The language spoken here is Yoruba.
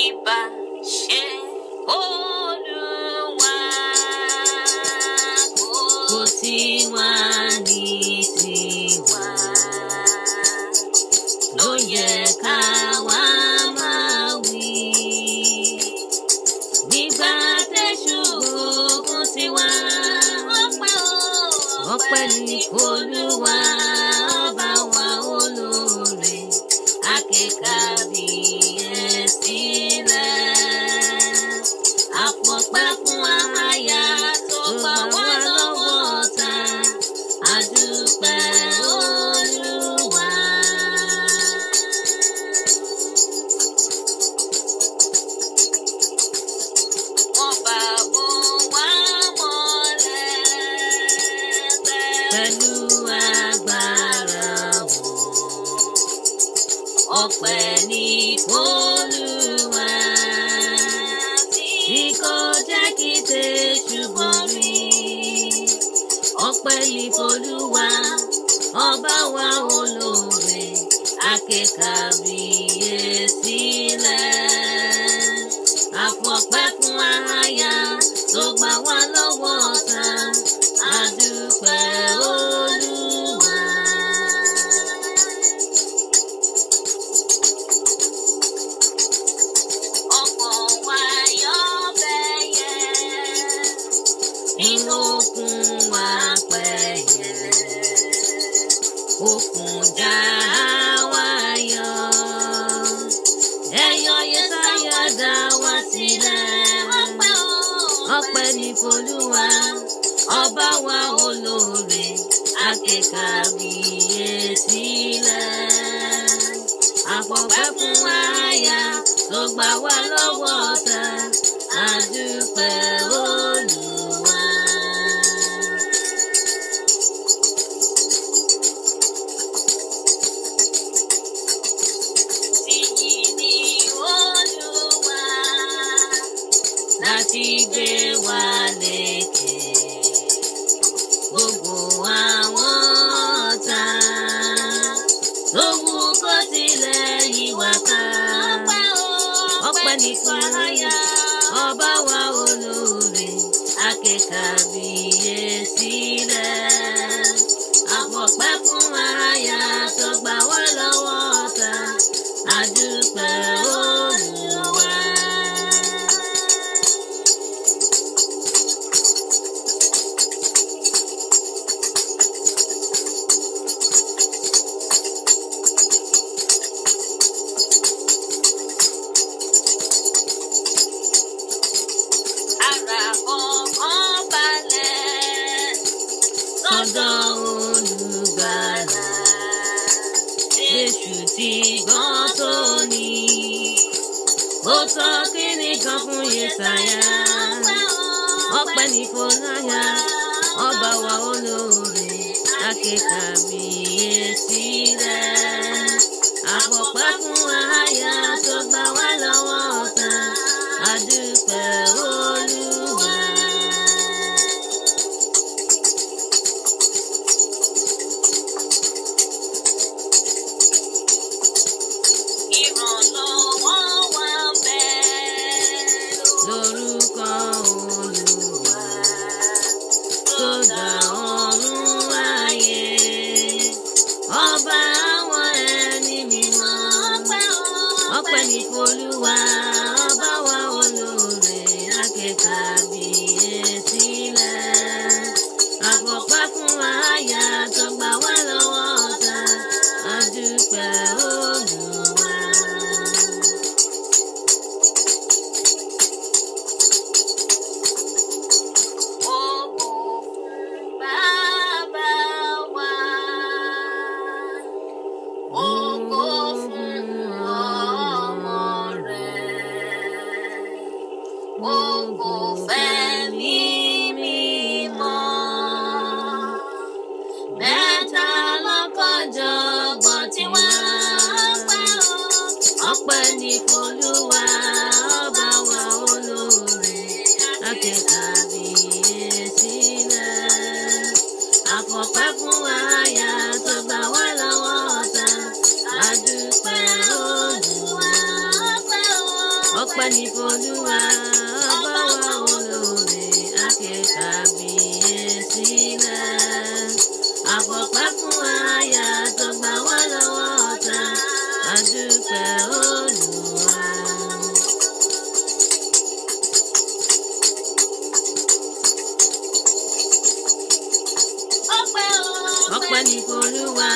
ibà ṣe Olúwa kò sí wa ní tiwa ló yẹ ká wá máa wí nígbà Olúwa. pẹ̀lú agbára wọn. Ọpẹ́ ni Olúwa tí kò jẹ́ kí tèṣù bọ̀ mí. Ọpẹ́ ni Olúwa ọba wa olóore akẹ́kọ̀ọ́ bíyèsí. okùn apẹ̀yẹ okùn já wa yọ ẹyọ yẹn sáyọdá wá sílẹ̀ ọpẹ́ ní folúwa ọba wa olóore akẹ́kàbíyèsí lẹ̀ àfọ̀pẹ́ fún àyà tó gbà wá lọ́wọ́ ọ̀tá àdúpẹ́ olùkọ́. lékè gbogbo àwọn ọ̀tá lówù kó tilẹ̀ yí wá ká ọpẹ́ ní fún ọba wa olóore akẹ́kọ̀ọ́ bíyè sílẹ̀. mo sọ kíni kan fún Yesaya ọpẹ́ ní fọláyà ọba wa olóore akéka mi yé sílẹ̀ àfọ̀pá fún wa. ọpẹ́ ní folúwa ọba wa olóore akẹ́kàbíyèsí náà àfọ̀pẹ́ fún aya tó gbà wá folúwa.